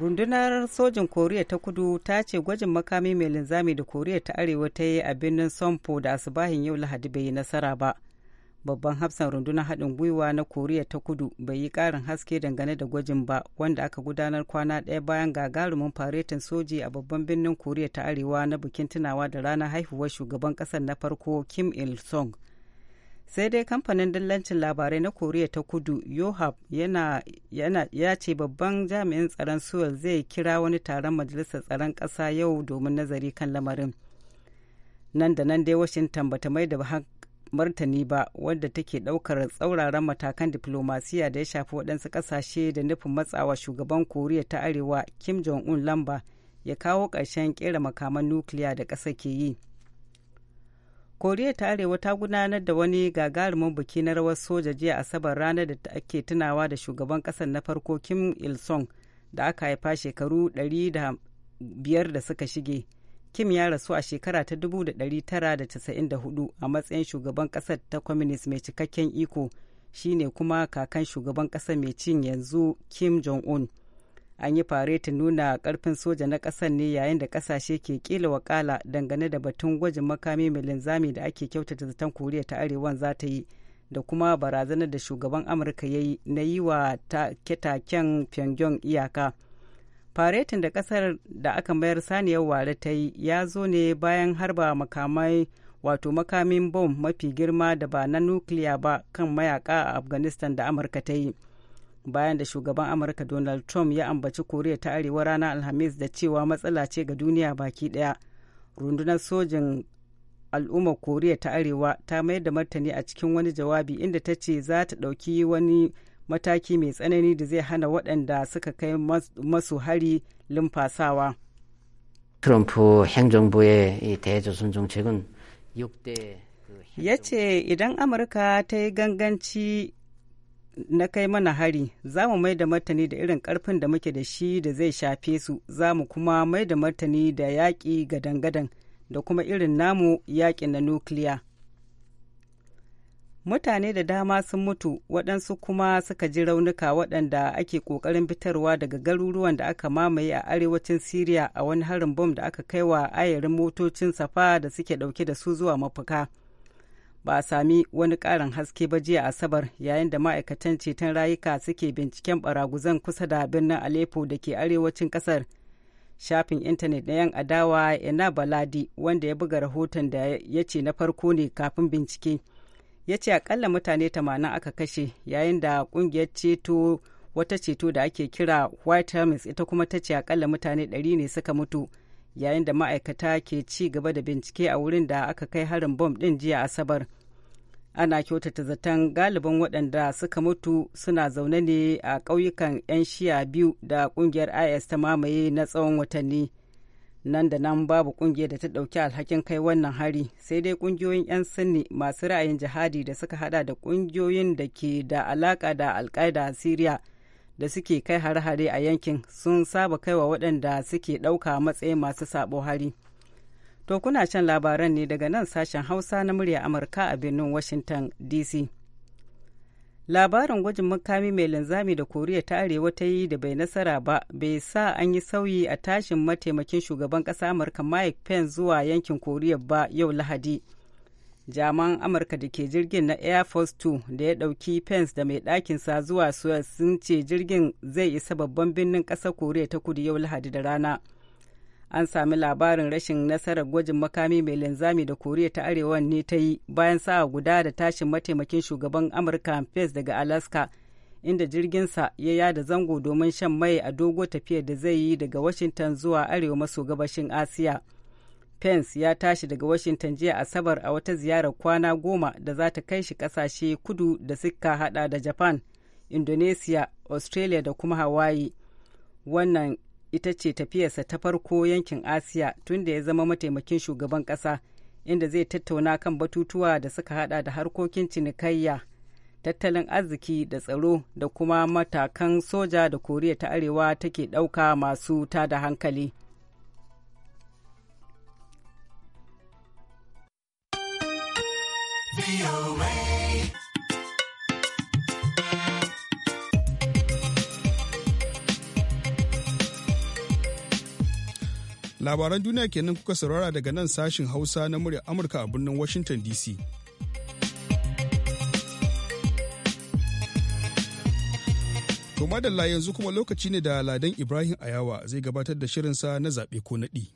rundunar sojin koriya ta kudu ta ce gwajin makami mai linzami da koriya ta arewa ta yi a birnin sompo da asibahin yau lahadi bai yi nasara ba babban hafsan rundunar haɗin gwiwa na koriya ta kudu bai yi ƙarin haske dangane da gwajin ba wanda aka gudanar kwana ɗaya bayan gagarumin faretin soji a babban birnin koriya ta arewa na bikin tunawa da ranar haihuwar shugaban ƙasar na farko kim il sung sai dai kamfanin dillancin labarai na koriya ta kudu yohab ya ce babban jami'in tsaron suwal zai kira wani taron majalisar tsaron ƙasa yau domin nazari kan lamarin nan da nan dai washington bata mai da martani ba wadda take daukar tsauraran matakan diplomasiya da ya shafi waɗansu ƙasashe da nufin matsawa shugaban koriya ta arewa kim jong-un lamba ya kawo ƙarshen kera makaman nukiliya da ƙasa ke yi koriya ta arewa ta gudanar da wani gagarumin biki na rawar soja jiya asabar ranar da ake tunawa da shugaban kasar na farko kim il sung da aka haifa shekaru 500 da suka shige kim ya rasu a shekara ta 1994 a matsayin shugaban kasar ta communist mai cikakken iko shine kuma kakan shugaban kasar mai cin yanzu kim jong-un an yi faretin nuna karfin soja na kasan ne yayin da kasashe ke kila wakala dangane da batun gwajin makami mai linzami da ake kyautata zaton koriya ta arewan za ta yi da kuma barazanar da shugaban amurka ya yi na yi wa ketaken taken iyaka faretin da kasar da aka mayar saniyar ware ta yi ya zo ne bayan harba makamai wato makamin bom mafi girma da ba na nukiliya ba kan mayaka a afghanistan da amurka ta yi bayan da shugaban amurka donald trump ya ambaci koriya ta arewa ranar alhamis da cewa matsala ce ga duniya baki daya rundunar sojin al'ummar koriya ta arewa ta mayar da martani a cikin wani jawabi inda ta ce za ta ɗauki wani mataki mai tsanani da zai hana waɗanda suka kai masu hari limfasawa. yace eh, eh, ya ce idan amurka ta yi ganganci na kai mana hari za mu mai da martani da irin karfin da muke da shi da zai shafe su za mu kuma mai da martani da yaƙi gadan-gadan da kuma irin namu yaƙi na nukiliya mutane da dama sun mutu waɗansu kuma suka ji raunuka waɗanda ake ƙoƙarin fitarwa daga garuruwan da aka mamaye a arewacin siriya a wani harin bom da aka kai wa ayarin motocin safa da suke ɗauke da su zuwa mafuka. ba a sami wani ƙarin haske ba jiya asabar yayin da ma'aikatan ceton rayuka suke binciken baraguzan kusa da birnin aleppo da ke arewacin ƙasar shafin intanet na yan adawa ina baladi wanda ya buga rahoton da ya ce na farko ne kafin bincike ya ce akalla mutane 80 aka kashe yayin da kungiyar ceto wata ceto da ake kira white hermes ita kuma ta ce akalla mutane 100 ne suka mutu yayin da ma'aikata ke ci gaba da bincike a wurin da aka kai harin bom ɗin jiya asabar ana kyautata zaton galibin waɗanda suka mutu suna zaune ne a ƙauyukan 'yan shiya biyu da ƙungiyar is ta mamaye na tsawon watanni nan da nan babu ƙungiyar da ta ɗauki alhakin kai wannan hari sai dai ƙungiyoyin 'yan sinni masu ra'ayin jihadi da suka hada da ƙungiyoyin da ke da alaƙa da alƙaida a syria da suke kai hare-hare a yankin sun saba kaiwa waɗanda suke ɗauka matsayi masu sabo hari. To kuna shan labaran ne daga nan sashen Hausa na murya Amurka a birnin Washington DC. Labarin gwajin makami mai linzami da Koriya ta Arewa ta yi da bai nasara ba bai sa an yi sauyi a tashin mataimakin shugaban ƙasa Amurka Mike Pence zuwa yankin Koriya ba yau Lahadi. jaman amurka da ke jirgin na air force 2 da ya dauki pence da mai ɗakin sa zuwa suez sun ce jirgin zai isa babban birnin ƙasar koriya ta kudu yau lahadi da rana an sami labarin rashin nasarar gwajin makami mai linzami da koriya ta arewa ne ta yi bayan sa'a guda da tashin mataimakin shugaban amurka pence daga alaska inda jirginsa ya yada zango domin shan mai a dogo tafiyar da zai yi daga washington zuwa arewa maso gabashin asiya Pence ya tashi daga Washington jiya Asabar a wata ziyarar kwana goma da za ta kai shi kasashe kudu da suka hada da Japan, Indonesia, Australia da kuma Hawaii. Wannan ita ce tafiyarsa ta farko yankin Asiya tun da ya zama mataimakin shugaban ƙasa, inda zai tattauna kan batutuwa da suka hada da harkokin cinikayya, tattalin arziki da tsaro da kuma matakan soja da Koriya ta Arewa take ɗauka masu tada hankali. Labaran duniya kenan kuka saurara daga nan sashin Hausa na murya Amurka a birnin Washington DC. To madalla yanzu kuma lokaci ne da Ladan Ibrahim Ayawa zai gabatar da shirinsa na zaɓe ko naɗi.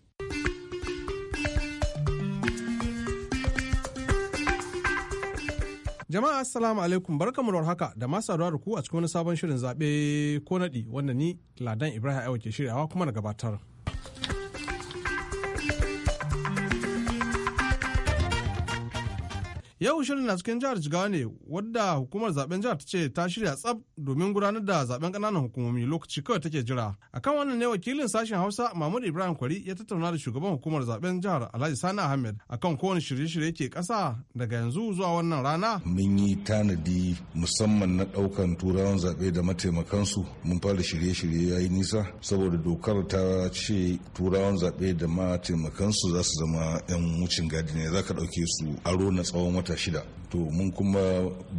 Jama'a assalamu alaikum barkamu da haka da masu saduwa da ku a cikin wani sabon shirin zaɓe ko naɗi wanda ni Ladan Ibrahim Aiwa ke shiryawa kuma na gabatar. Yau shirin na cikin jihar Jigawa ne wadda hukumar zaben jihar ta ce ta shirya tsab domin gudanar da zaben kananan hukumomi lokaci kawai take jira. Akan wannan ne wakilin sashen Hausa Mahmud Ibrahim Kwari ya tattauna da shugaban hukumar zaben jihar Alhaji Sani Ahmed akan kowane shirye-shirye ke kasa daga yanzu zuwa wannan rana. Mun yi tanadi musamman na daukan turawan zabe da mataimakansu mun fara shirye-shirye ya yi nisa saboda dokar ta ce turawan zaɓe da mataimakansu za su zama 'yan wucin gadi ne za ka ɗauke su aro na tsawon wata wata shida to mun kuma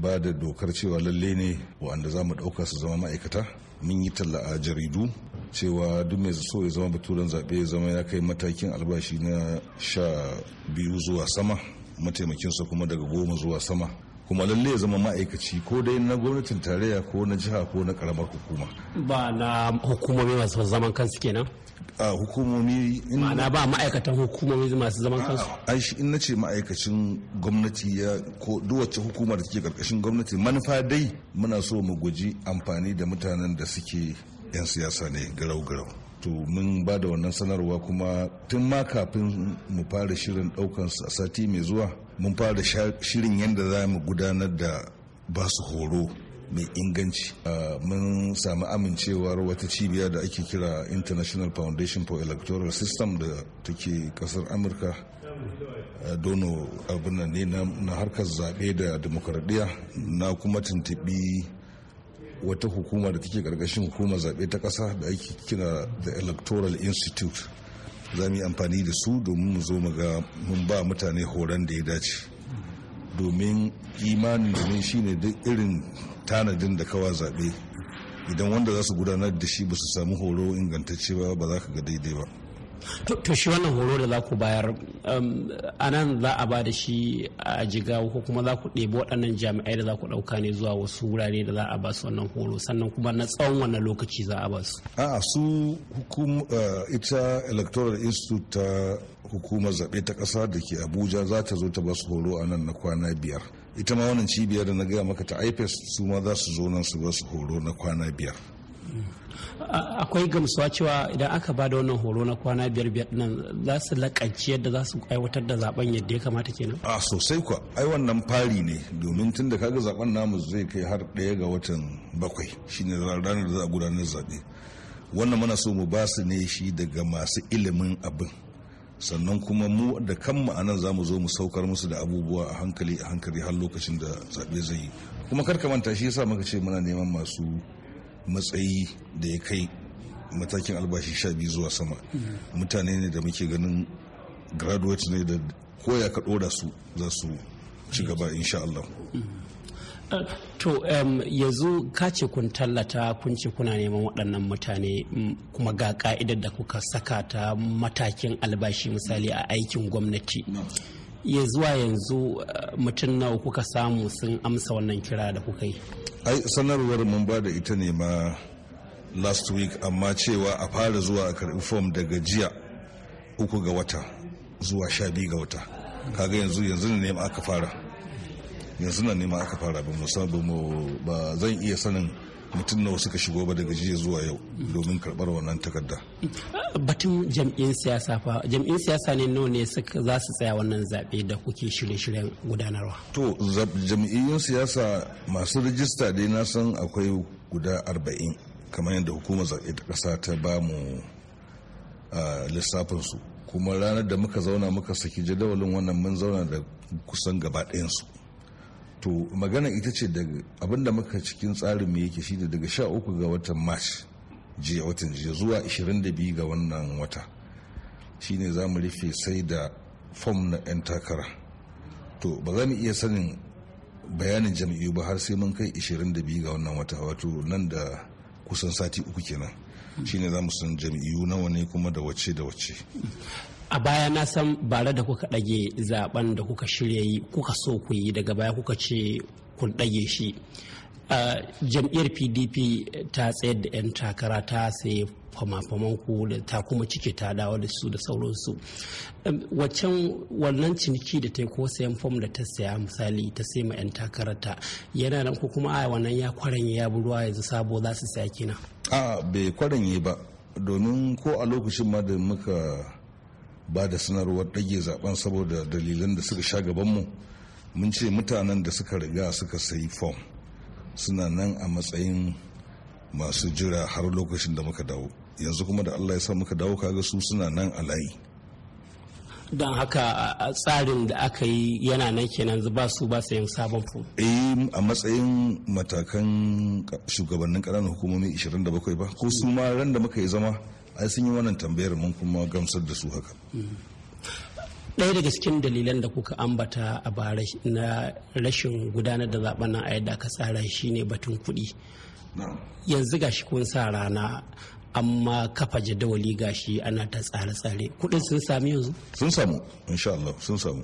ba da dokar cewa lalle ne wanda za mu ɗauka su zama ma'aikata mun yi talla a jaridu cewa duk mai so ya zama baturen zaɓe ya zama ya kai matakin albashi na sha biyu zuwa sama mataimakinsa kuma daga goma zuwa sama kuma lalle ya zama ma'aikaci ko dai na gwamnatin tarayya ko na jiha ko na karamar hukuma ba na hukumomi masu zaman kansu kenan a hukumomi ma'ana ba ma'aikatan hukumomi masu zaman kansu an shi in nace ma'aikacin gwamnati ya ko duwace hukumar da take karkashin gwamnati manufa dai muna so mu guji amfani da mutanen da suke 'yan siyasa ne garau-garau to mun ba da wannan sanarwa kuma tun ma kafin mu fara shirin daukan sati mai zuwa mun fara shirin yadda za mu gudanar da ba su horo mai inganci mun sami amincewar wata cibiya da ake kira international foundation for electoral system da take kasar amurka dono abin ne na harkar zaɓe da demokradiyya na kuma tuntuɓi wata hukuma da take ƙarƙashin hukumar zaɓe ta ƙasa da ake kira the electoral institute za mu yi amfani da su domin mu zo ga mun ba mutane horon da ya dace domin imanin domin shine duk irin tanadin da kawa zaɓe idan wanda za su gudanar da shi ba su samu horo ingantacce ba ba za ka ga daidai ba to shi wannan horo da za ku bayar um, a nan za a ba da shi a jiga ko kuma za ku ɗebi waɗannan jami'ai da za ku ɗauka ne zuwa wasu wurare da za a ba su wannan horo sannan kuma na tsawon wannan lokaci za a ba su a'a su hukum uh, ita electoral institute ta hukumar zaɓe ta ƙasa da ke abuja za ta zo ta ba su horo a nan na kwana biyar ita ma wannan cibiyar da na gaya maka ta ipes su ma za su zo nan su ba su horo na kwana biyar akwai gamsuwa cewa idan aka ba da wannan horo na kwana biyar biyar nan za su lakanci yadda za su aiwatar da zaben yadda ya kamata kenan a sosai kuwa ai wannan fari ne domin tun da kaga zaben namu zai kai har ɗaya ga watan bakwai shine ranar da za a gudanar zaɓe wannan muna so mu ba su ne shi daga masu ilimin abin sannan kuma mu da kan a za mu zo mu saukar musu da abubuwa a hankali a hankali har lokacin da zaɓe zai yi kuma karka manta shi yasa muka ce muna neman masu matsayi da ya kai matakin albashi sha biyu zuwa sama mm. mutane ne da muke ganin graduate ne da koya ka ɗora su za su ci gaba insha Allah. Mm. Uh, to um, yanzu ka ce kun tallata kun ce kuna neman waɗannan mutane mm, kuma ga ƙa'idar da kuka saka ta matakin albashi misali a aikin gwamnati. ya zuwa yanzu eh, mutum nawa kuka samu sun amsa wannan kira da kuka yi ai sanarwar mun ba da ita ne ma last week amma cewa a fara zuwa a karbi fom daga jiya uku ga wata zuwa sha biyu ga wata kaga yanzu yanzu ne ma aka fara yanzu na nema aka fara ba mu ba zan iya sanin mutum nawa suka shigo ba daga jiya zuwa yau domin karɓar wannan takarda. batun jam'in siyasa fa jam'in siyasa ne nawa ne za su tsaya wannan zaɓe da kuke shirye-shiryen gudanarwa. to jam'iyyun siyasa masu rijista dai na san akwai guda arba'in kamar yadda hukumar zaɓe ta ƙasa ta ba mu lissafinsu kuma ranar da muka zauna muka saki jadawalin wannan mun zauna da kusan gaba ɗayan su to magana ita ce daga abinda muka cikin tsarin mu yake shine daga 13 ga watan march jiya watan jiya zuwa 22 ga wannan wata shine za mu rufe sai da fom na 'yan takara to ba za mu iya sanin bayanin jam'iyyu ba har sai mun kai 22 ga wannan wata wato nan da kusan sati uku kenan shine za mu san jam'iyyu nawa ne kuma da wace da wace a baya na san bare da kuka ɗage zaben da kuka shirya yi kuka so ku yi daga baya kuka ce kun ɗage shi jam'iyyar pdp ta tsayar da 'yan takara ta sai fama-faman ku da ta kuma cike ta dawo da su da sauransu waccan wannan ciniki da ta yi ko sayan fom da ta saya misali ta sai ma 'yan ta yana nan ko kuma a wannan ya kwaran ya buruwa yanzu sabo za su saya kina a bai kwaranye ba domin ko a lokacin ma da muka ba da sanarwar ɗage zaben saboda dalilan da suka sha gabanmu mun ce mutanen da suka riga suka sayi fom suna nan a matsayin masu jira har lokacin da muka dawo yanzu kuma da allah ya sa muka dawo kaga su suna nan a layi don haka tsarin da aka yi yana nan kenan ba su ba yin sabon fom eh a matsayin matakan shugabannin ƙananan hukumomi 27 ba ko su ma ran da muka yi zama ai sun yi wannan tambayar mun kuma gamsar da su haka ɗaya daga cikin dalilan da kuka ambata a bara na rashin gudanar da zaben nan a yadda aka tsara shi ne batun kuɗi yanzu gashi kun sa rana amma kafa jadawali gashi ana ta tsare-tsare kuɗin sun sami yanzu sun samu insha Allah sun samu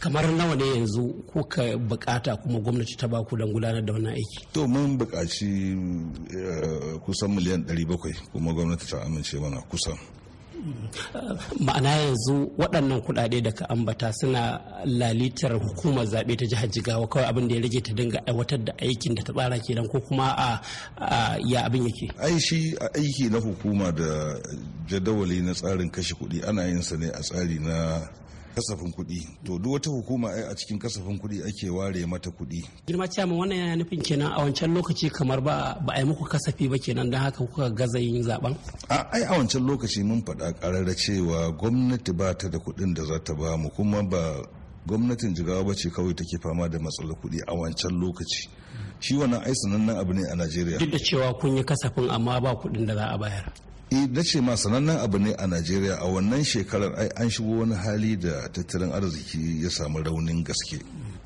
kamar nawa ne yanzu ka bukata kuma gwamnati ta baku don gudanar da wannan aiki to mun bukaci eh, kusan miliyan 700 kuma gwamnati ta amince mana kusan mm. ma'ana yanzu waɗannan kuɗaɗe da ka ambata suna lalitar hukumar zaɓe ta jihar jigawa kawai abin da ya rage ta dinga aiwatar da aikin da ta tsara kenan ko kuma a ya abin yake ai shi aiki na hukuma da jadawali na tsarin kashe kuɗi ana yin sa ne a tsari na kasafin kuɗi to duk wata hukuma ai eh, a cikin kasafin kuɗi ake ware mata kuɗi girma ciyaman wannan yana nufin kenan a wancan lokaci kamar ba ba a yi muku kasafi ba kenan don haka kuka gaza yin zaben a ai a wancan lokaci mun faɗa ƙarara cewa gwamnati ba ta da kuɗin da za ta ba mu kuma ba gwamnatin jigawa ba ce kawai take fama da matsalar kuɗi a wancan lokaci shi wannan ai sanannen abu ne a najeriya duk da cewa kun yi kasafin amma ba kuɗin da za a bayar Eh, na ce ma sanannen abu ne a najeriya a wannan shekarar ai an shigo wani hali da tattalin arziki ya samu raunin gaske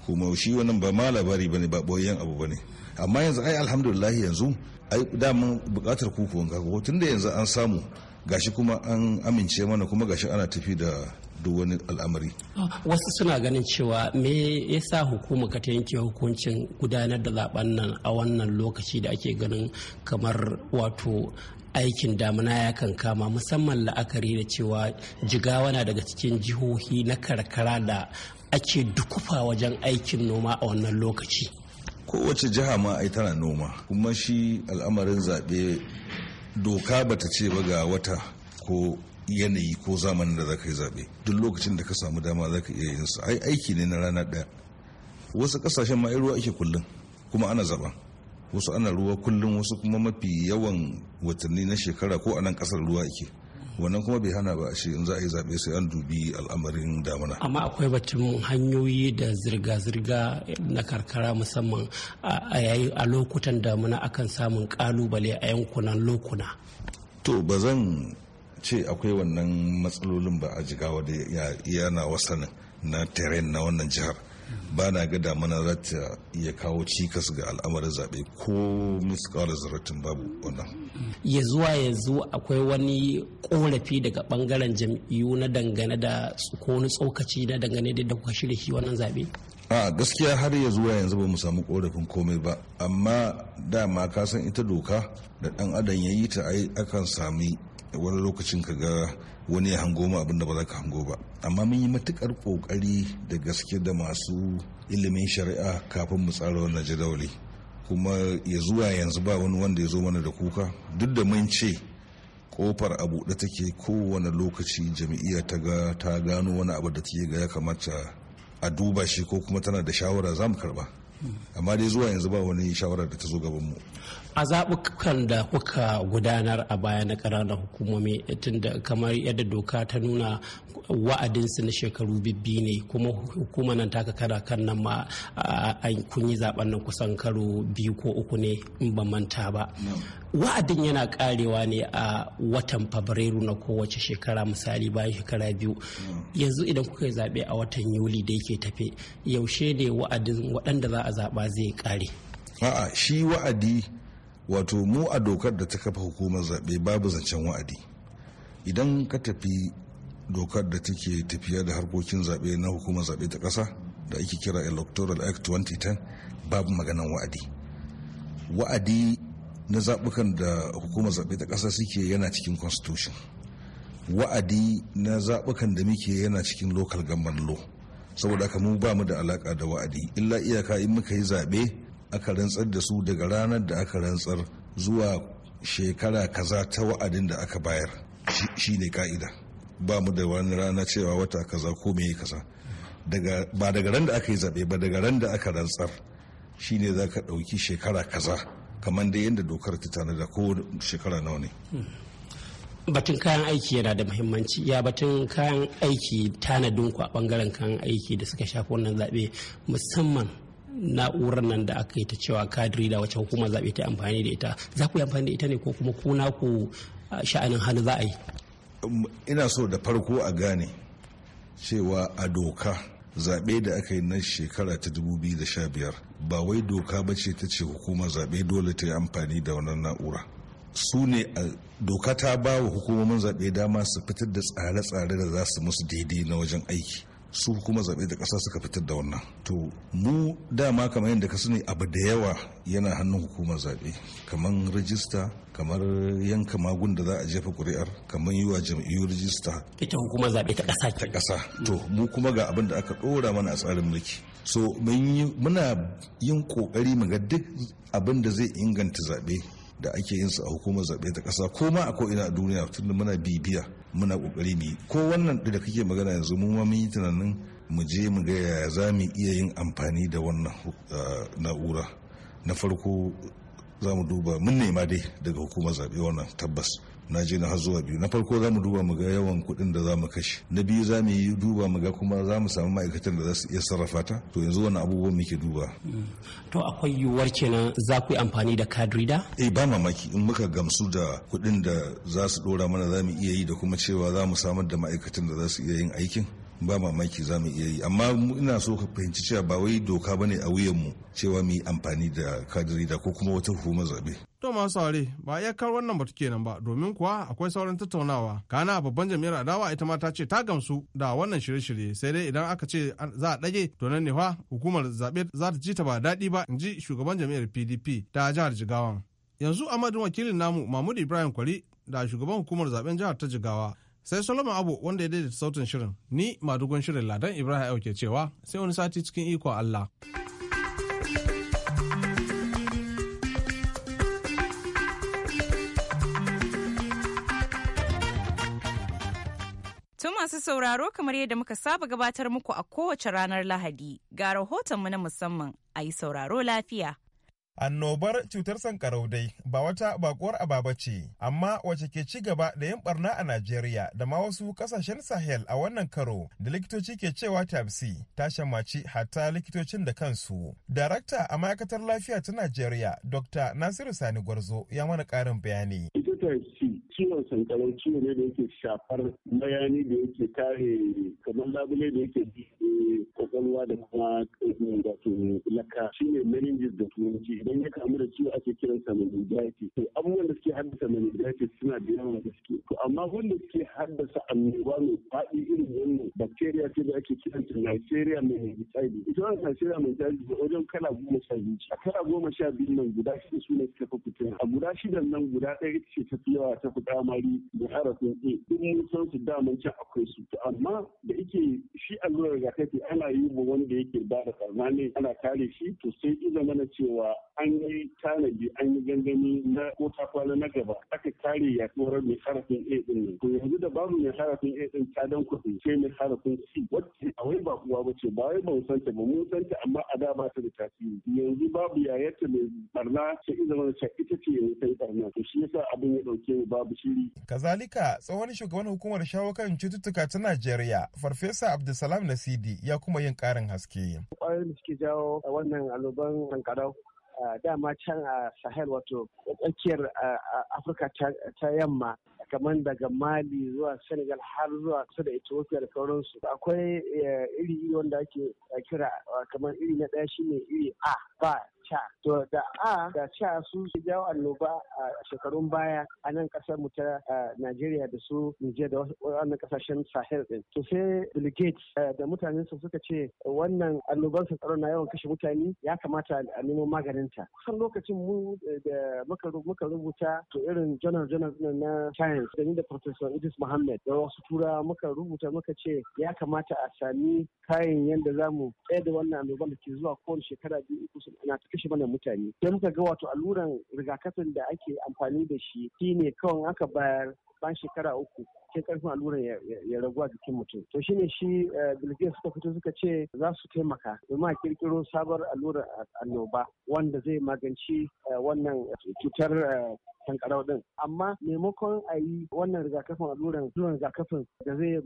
kuma shi wannan ba ma labari ba ne ba boyen abu ba ne amma yanzu ai alhamdulillah yanzu ai daman buƙatar kukuwan ko tun da yanzu an samu gashi kuma an amince mana kuma gashi ana tafi da duk wani al'amari. Wasu suna ganin cewa me yasa hukuma ka ta yanke hukuncin gudanar da zaben nan a wannan lokaci da ake ganin kamar wato aikin damuna ya kan kama musamman la'akari da cewa jigawa na daga cikin jihohi na karkara da ake dukufa wajen aikin noma a wannan lokaci kowace jiha ma ai tana noma kuma shi al'amarin zaɓe doka bata ce ba ga wata ko yanayi ko zamanin da zaka yi zaɓe duk lokacin da ka samu dama zaka iya yin su ai aiki ne na rana ɗaya wasu ƙasashen ma ruwa ake kullum kuma ana zaɓa wasu ana ruwa kullum wasu kuma mafi yawan watanni na shekara ko a nan kasar ruwa yake wannan kuma bai hana ba a shi in za a yi zaɓe sai an dubi al'amarin damuna. amma akwai batun hanyoyi da zirga-zirga na karkara musamman a lokutan damuna akan samun kalubale a yankunan lokuna to ba zan ce akwai wannan matsalolin ba a jigawa da yana wasanin na teren na wannan jihar ba na ga damana za iya kawo cikas ga al'amarin zaɓe ko miskawar zaratin babu wannan ya zuwa yanzu akwai wani korafi daga ɓangaren jam'iyyu na dangane da ko tsokaci na dangane da kuka shirya shi wannan zaɓe a gaskiya har ya zuwa yanzu ba mu samu korafin komai ba amma dama ka san ita doka da ɗan adam ya yi ta akan sami wani lokacin ka ga wani ya hango ma abinda ba za ka hango ba amma mun yi matukar kokari da gaske da masu ilimin shari'a kafin mu tsara wannan jadawali kuma ya zuwa yanzu ba wani wanda ya zo mana da kuka duk da mun ce kofar a buɗe take kowane lokaci jam'iyyar ta ga ta gano wani abu da take ga ya kamata a duba shi ko kuma tana da shawara za mu karba hmm. amma dai zuwa yanzu ba wani shawara da ta zo gaban mu a zaɓukan da kuka gudanar a baya na ƙananan hukumomi tunda kamar yadda doka ta nuna wa'adinsu na shekaru bibbi ne kuma hukumar nan taka kara kan nan ma a kun yi zaben nan kusan karo biyu ko uku ne in ba manta ba wa'adin yana karewa ne a watan fabrairu na kowace shekara misali bayan shekara biyu yanzu idan kuka yi zaɓe a watan yuli da yake tafe yaushe ne wa'adin waɗanda za a zaɓa zai kare a'a shi wa'adi wato mu a dokar da ta kafa hukumar zaɓe babu zancen wa'adi idan ka tafi dokar da take tafiya da harkokin zaɓe na hukumar zaɓe ta ƙasa da ake kira electoral act 2010 babu maganan wa'adi wa'adi na zaɓukan da hukumar zaɓe ta ƙasa suke yana cikin constitution wa'adi na zaɓukan da muke yana cikin local government law saboda haka mu ba mu da alaƙa da wa'adi illa iyaka in muka yi zaɓe aka rantsar da su daga ranar da aka rantsar zuwa shekara kaza ta wa'adin da aka bayar shi ne ka'ida ba mu da wani rana cewa wata kaza ko me kaza ba daga ran da aka yi zaɓe ba daga ran da aka rantsar shi ne za ka ɗauki shekara kaza kamar dai yadda dokar ta tanada ko shekara nawa ne batun kayan aiki yana da muhimmanci ya batun kayan aiki tanadin ku a bangaren kayan aiki da suka shafi wannan zaɓe musamman na'urar nan da aka yi ta cewa kadiri da wacce hukumar zaɓe ta amfani da ita za ku yi amfani da ita ne ko kuma ku ku sha'anin hannu za a yi um, ina so da farko a gane cewa a doka zaɓe da aka yi na shekara ta 2015 ba wai doka ba ce ta ce hukumar zaɓe dole ta yi amfani da wannan na'ura su ne a doka ta ba wa hukumomin zaɓe dama su fitar da tsare-tsare da za su musu daidai na wajen aiki su hukumar zaɓe da ƙasa suka fitar da wannan to mu dama kamar yadda ka sani abu da yawa yana hannun hukumar zaɓe kamar rajista kamar yanka magun da za a jefa ƙuri'ar kamar yi wa jam'iyyu rajista ita hukumar zaɓe ta ƙasa ta ƙasa to mu kuma ga abin da aka ɗora mana a tsarin mulki so muna yin ƙoƙari mu duk abin da zai inganta zaɓe da ake yin su a hukumar zaɓe ta ƙasa ko ma a ina a duniya tunda muna bibiya muna ƙoƙari mu ko wannan da kake magana yanzu mu ma mun yi tunanin mu je mu ga yaya za mu iya yin amfani da wannan eh, na'ura na farko za mu duba mun nema dai daga hukumar zaɓe wannan tabbas na je na har zuwa biyu na farko za mu duba mu ga yawan kuɗin da za mu kashe na biyu za mu yi duba mu ga kuma za mu samu ma'aikatan da za su iya sarrafa ta to yanzu wani abubuwan muke duba mm. to akwai yiwuwar kenan za ku yi amfani da kadrida eh ba mamaki in muka gamsu da kuɗin da za su ɗora mana za mu iya yi da kuma cewa za mu samar da ma'aikatan da za su iya yin aikin ba mamaki za mu iya yi amma ina so ka fahimci cewa ba wai doka bane a wuyanmu cewa mu yi amfani da kadiri da ko kuma wata hukumar zabe To masu saurare ba kar wannan batu kenan ba domin kuwa akwai sauran tattaunawa. Kana babban jami'ar adawa ita ma ta ce ta gamsu da wannan shirye-shirye sai dai idan aka ce za a ɗage to nan ne fa hukumar zabe za ta ji ta ba daɗi ba in ji shugaban jami'ar PDP ta jihar Jigawan. Yanzu Amadu wakilin namu Mahmud Ibrahim Kwari da shugaban hukumar zaɓen jihar ta Jigawa sai solomon abu wanda ya daidaita sautin shirin ni madugon shirin ladan ibrahim ke cewa sai wani sati cikin ikon allah Tun masu sauraro kamar yadda muka saba gabatar muku a kowace ranar Lahadi ga rahotonmu na musamman a yi sauraro lafiya. Annobar cutar sankarau dai ba wata bakuwar ababa ce, amma wace ke ci gaba da yin barna a Najeriya da ma wasu kasashen Sahel a wannan karo da likitoci ke cewa tafsi ta shammaci hatta likitocin da kansu. Darakta a ma'aikatar lafiya ta Najeriya, Dr. Nasiru Sani Gwarzo ya mana ƙarin bayani. ciwon sankarau ciwo ne da yake shafar bayani da yake kare kamar labule da yake kwakwalwa da kuma eh, wato laka shi ne meningitis da turanci idan ya kamu da ciwo ake kiransa meningitis to abubuwan da suke haddasa meningitis suna da yawa da suke to amma wanda suke haddasa annoba mai faɗi irin wannan bacteria ce da ake kiran kiranta Neisseria meningitis ita wannan Neisseria meningitis wajen kala goma sha biyu a kala goma sha biyu nan guda shida su ne suka fi fitina a guda shidan nan guda ɗaya ita ce ta fi yawa ta fi damari da harafin a duk mun san su daman can akwai su amma da yake shi allurar rigakafi ana yi wa wanda yake ba da karna ne ana kare shi to sai ki na cewa an yi tanadi an yi gangami na ko ta kwana na gaba aka kare yaduwar mai harafin a din ne to yanzu da babu mai harafin a din ta dan kuɗi sai mai harafin c wacce a wai ba kuwa ba ce ba wai ba mu san ta ba mun san ta amma a da ba ta da tasiri yanzu babu yayarta mai barna sai ki zamana ita ce yanzu ta yi barna to shi yasa abin ya ɗauke babu shiri. Kazalika tsohon shugaban hukumar shawo kan cututtuka ta Najeriya Farfesa Abdulsalam Nasidi ya kuma yin ƙarin haske. Ƙwayoyin da suke jawo wannan annoban sankarau dama can a Sahel wato tsakiyar Afirka ta yamma kamar daga Mali zuwa Senegal har zuwa kusa da Ethiopia da sauransu. Akwai eh, iri wanda ake kira kamar iri na ɗaya shine iri A ba ca to da a da ca su jawo annoba a shekarun baya a nan kasar mu ta Najeriya da su Nijar da wannan kasashen Sahel din to sai Bill da mutanen su suka ce wannan annoban su tsaron na yawan kashe mutane ya kamata a nemo maganin ta kusan lokacin mu e, da muka rubuta to irin journal janar na science da ni da Professor Idris Muhammad da wasu tura muka rubuta muka ce ya kamata a sami kayan yanda za mu tsaye da wannan annoban da ke zuwa kowane shekara biyu uku ana kashe mana mutane sai muka ga wato alluran rigakafin da ake amfani da shi shine kawai aka bayar bayan shekara uku sai karfin alluran ya ragu a jikin mutum to shine shi eh, bilgiyar suka fito suka ce za su taimaka domin a kirkiro sabon allurar annoba wanda zai maganci eh, wannan cutar eh, sankarau din amma maimakon a yi wannan rigakafin alluran zuwan rigakafin da zai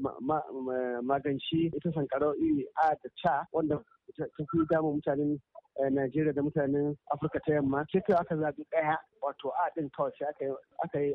magance ita sankarau iri a da ca wanda ta fi damun mutanen eh, Najeriya da mutanen Afirka ta yamma ce kai aka zabi ɗaya wato a din kawai sai aka yi eh,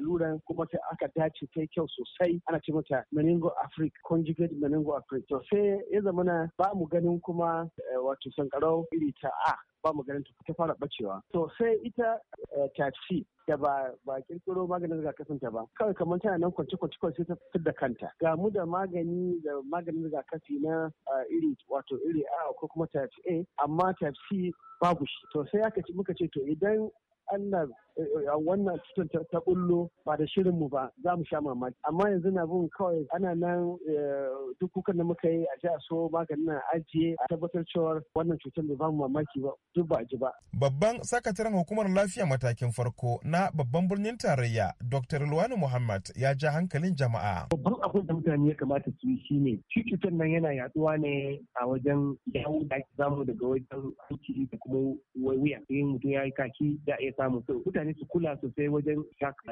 alluran kuma sai aka dace ta kyau sosai ana ce mata meningo africa conjugate meningo africa to sai ya zama ba mu ganin kuma eh, wato sankarau iri ta a ba mu ganin ta fara bacewa to sai ita eh, taxi da ba ba kirkiro maganin rigakafin ta ba kawai kamar tana nan kwance kwance kwance ta fitar da kanta ga mu da magani da maganin rigakafi na eh, iri wato iri A ko kuma type A amma type babu shi to sai aka ci muka ce to idan Allah eh, eh, wannan cutar ta bullo ba da shirin mu ba za mu sha mamaki amma yanzu na bin kawai ana nan eh, duk kukan da muka yi a ji a so maganin na ajiye a tabbatar cewar wannan cutar da ba mu mamaki ba duk ba ji ba. Babban sakataren hukumar lafiya matakin farko na babban birnin tarayya Dr. Luwani Muhammad ya ja hankalin jama'a. Babban abin da mutane ya kamata su yi shine shi cutar nan yana yaduwa ne a wajen yawon da zamu daga wajen hanci da kuma wuya. Yin mutum ya yi kaki da ya samu so mutane su kula sosai wajen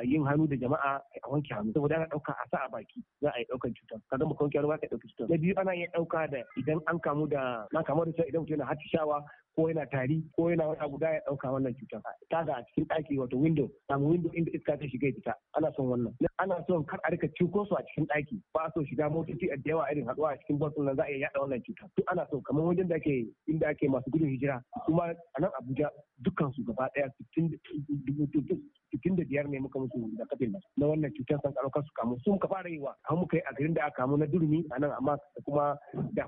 yin hannu da jama'a a wanke hannu saboda ana ɗauka a sa a baki za a yi ɗaukan cutar kaga mu kwanke ruwa ka ɗauki cutar na biyu ana yin ɗauka da idan an kamu da na kamar da idan mutum yana shawa ko yana tari ko yana wani abu da ya dauka wannan cutar ta a cikin daki wato window samu window inda iska ta shiga fita ana son wannan ana son kar a rika ciko su a cikin daki ba so shiga motoci a da yawa irin haduwa a cikin bus nan za a iya yada wannan cuta duk ana so kamar wajen da ake inda ake masu gudun hijira kuma a nan Abuja dukkan su gaba daya cikin da biyar ne muka musu kafin nan na wannan cutar san karo su kamu sun ka fara yi wa an muka yi ashirin da aka kamu na durmi a nan amma da kuma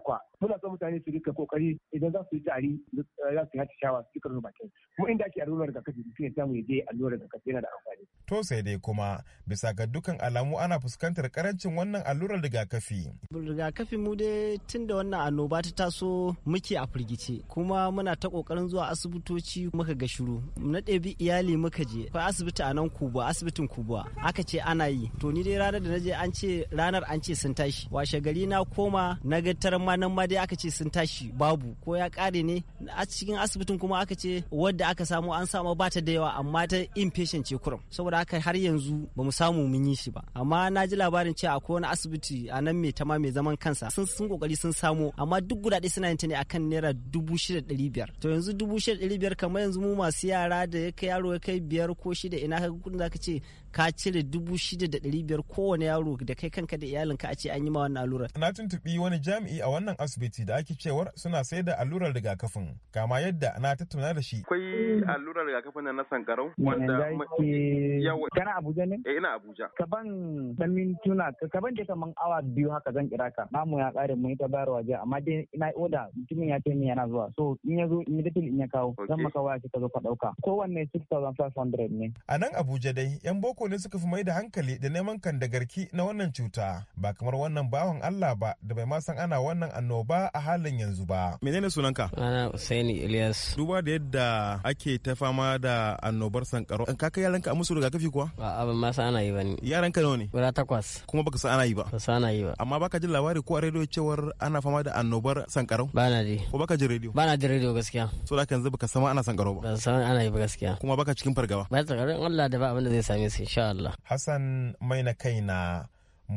kwa muna son mutane su rika kokari idan za su yi tari za su yi hati shawa su in bakin kuma inda ake allurar rigakafi su ne samu ya je allurar rigakafi yana da amfani. to sai dai kuma bisa ga dukkan alamu ana fuskantar karancin wannan allurar rigakafi. rigakafi mu dai tun da wannan annoba ta taso muke a firgice kuma muna ta kokarin zuwa asibitoci muka ga shiru na ɗebi iyali muka je fa asibiti asibiti a nan kubuwa asibitin kubuwa aka ce ana yi to ni dai ranar da na je an ce ranar an ce sun tashi washe gari na koma na ga taran ma nan ma dai aka ce sun tashi babu ko ya kare ne a cikin asibitin kuma aka ce wadda aka samu an samu ba ta da yawa amma ta inpatient ce kurum saboda haka har yanzu ba mu samu mun yi shi ba amma na ji labarin cewa akwai wani asibiti a nan mai tama mai zaman kansa sun sun kokari sun samu amma duk guda ɗaya suna yin ta ne akan naira dubu shida ɗari biyar to yanzu dubu shida ɗari biyar kamar yanzu mu masu yara da ya kai yaro ya kai biyar ko shida ina ka kudin zaka ce ka cire dubu shida da ɗari biyar kowane yaro da kai kanka da iyalinka a ce an yi ma wannan allurar. Na tuntuɓi wani jami'i a wannan asibiti da ake cewar suna sai da allurar rigakafin kama yadda na tattauna da shi. Akwai allurar rigakafin na sankarau wanda ke Kana Abuja ne? Eh ina Abuja. Kaban ban mintuna kaban ban kaman awa biyu haka zan kira ka. Namu ya kare mun ta bayar waje amma dai ina oda mutumin ya ce min yana zuwa so in ya zo immediately in ya kawo zan maka waya ka zo ka ɗauka. Kowanne 6500 ne. A nan Abuja dai 'yan boko mako ne suka fi mai da hankali da neman kandagarki na wannan cuta ba kamar wannan bawan Allah ba da bai ma san ana wannan annoba a halin yanzu ba. Menene sunanka? Ana Usaini Ilyas. Duba da yadda ake ta fama da annobar sankaro. Ka kai yaranka a musu rigakafi kuwa? Ba abin ma san ana yi ba ne. Yaranka nawa ne? Guda takwas. Kuma baka san ana yi ba? Ba san ana yi ba. Amma baka jin labari ko a rediyo cewar ana fama da annobar sankaro? Ba na ji. Ko baka jin rediyo? Ba na jin rediyo gaskiya. So da yanzu baka san ana sankaro ba? Ba san ana yi ba gaskiya. Kuma baka cikin fargaba? Ba tsakarin Allah da ba abin da zai same shi. insha Allah Hassan mai na kai na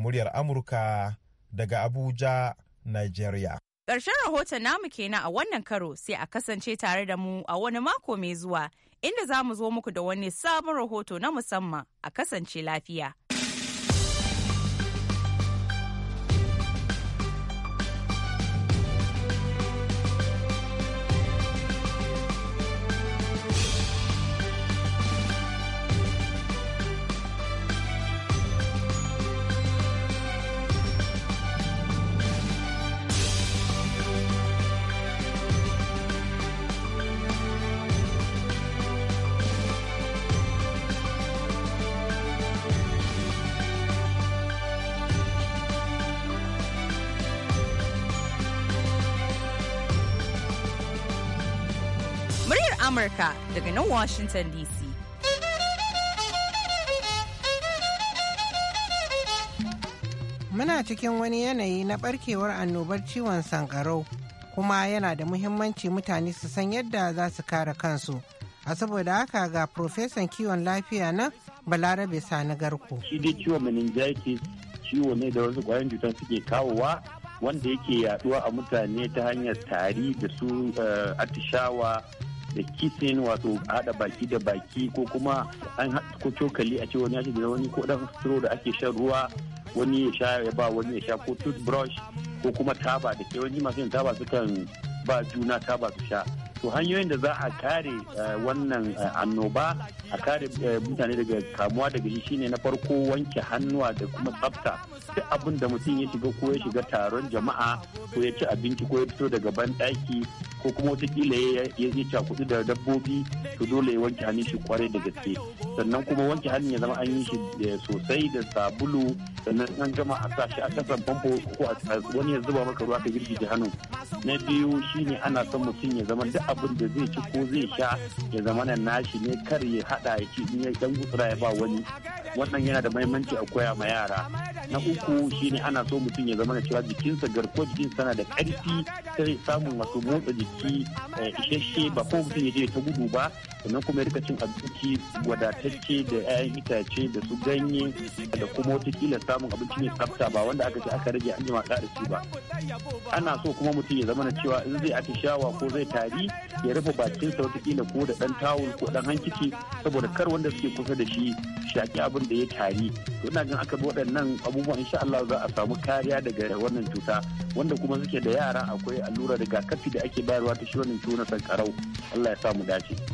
muryar Amurka daga Abuja Nigeria Ƙarshen rahoton namu kenan a wannan karo sai a kasance tare da mu a wani mako mai zuwa inda za mu zo muku da wani sabon rahoto na musamman a kasance lafiya. Amurka daga nan Washington DC. Muna cikin wani yanayi na barkewar annobar ciwon sankarau kuma yana da muhimmanci mutane su san yadda za su kare kansu. A saboda haka ga Profesan kiwon lafiya na Balarabe Sani Garko. Shi dai ciwon meningitis ciwo ne da wasu kwayan cutar suke kawowa wanda yake yaduwa a mutane ta hanyar tari da su eh, atishawa da kissing wato hada baki da baki ko kuma an ko cokali a ce wani ya da wani ko dan stro da ake shan ruwa wani ya sha ya ba wani ya sha ko toothbrush ko kuma taba da ke wani masu yin taba sukan ba juna taba su sha to hanyoyin da za a kare eh, wannan eh, annoba a kare eh, mutane daga kamuwa daga shi shine na farko wanke hannuwa da kuma tsafta duk abin da mutum ya shiga ko ya shiga taron jama'a ko ya ci abinci ko ya fito daga ban daki ko kuma watakila ya ci cakudu da dabbobi to dole ya wanke hannun shi kwarai da gaske sannan kuma wanke hannun ya zama an yi shi sosai da sabulu sannan an gama a sa shi a kasan famfo ko wani ya zuba maka ruwa ka girgije hannu na biyu shine ana son mutum ya zama duk abin da zai ci ko zai sha ya zama nan nashi ne kar ya hada ya ci in dan gutsura ya ba wani wannan yana da mahimmanci a koya ma yara na uku shine ana so mutum ya zama na cewa jikinsa garkuwar jikinsa sana da karfi sai samun wasu motsa jiki eh, isasshe ba ko mutum ya je ta gudu ba sannan kuma ya rika cin abinci wadatacce da 'ya'yan itace da su ganye da kuma wata samun abinci mai tsafta ba wanda aka ce aka rage an jima ƙara ci ba ana so kuma mutum ya zama na cewa in zai atishawa ko zai tari ya rufe bakin wata kila ko da dan tawul ko dan hankici saboda kar wanda suke kusa da shi shaki abin da ya tari to ina gan aka bi waɗannan abubuwan insha Allah za a samu kariya daga wannan cuta wanda kuma suke da yara akwai allura rigakafi da ake bayarwa ta shi wannan tsankarau sankarau Allah ya sa mu dace.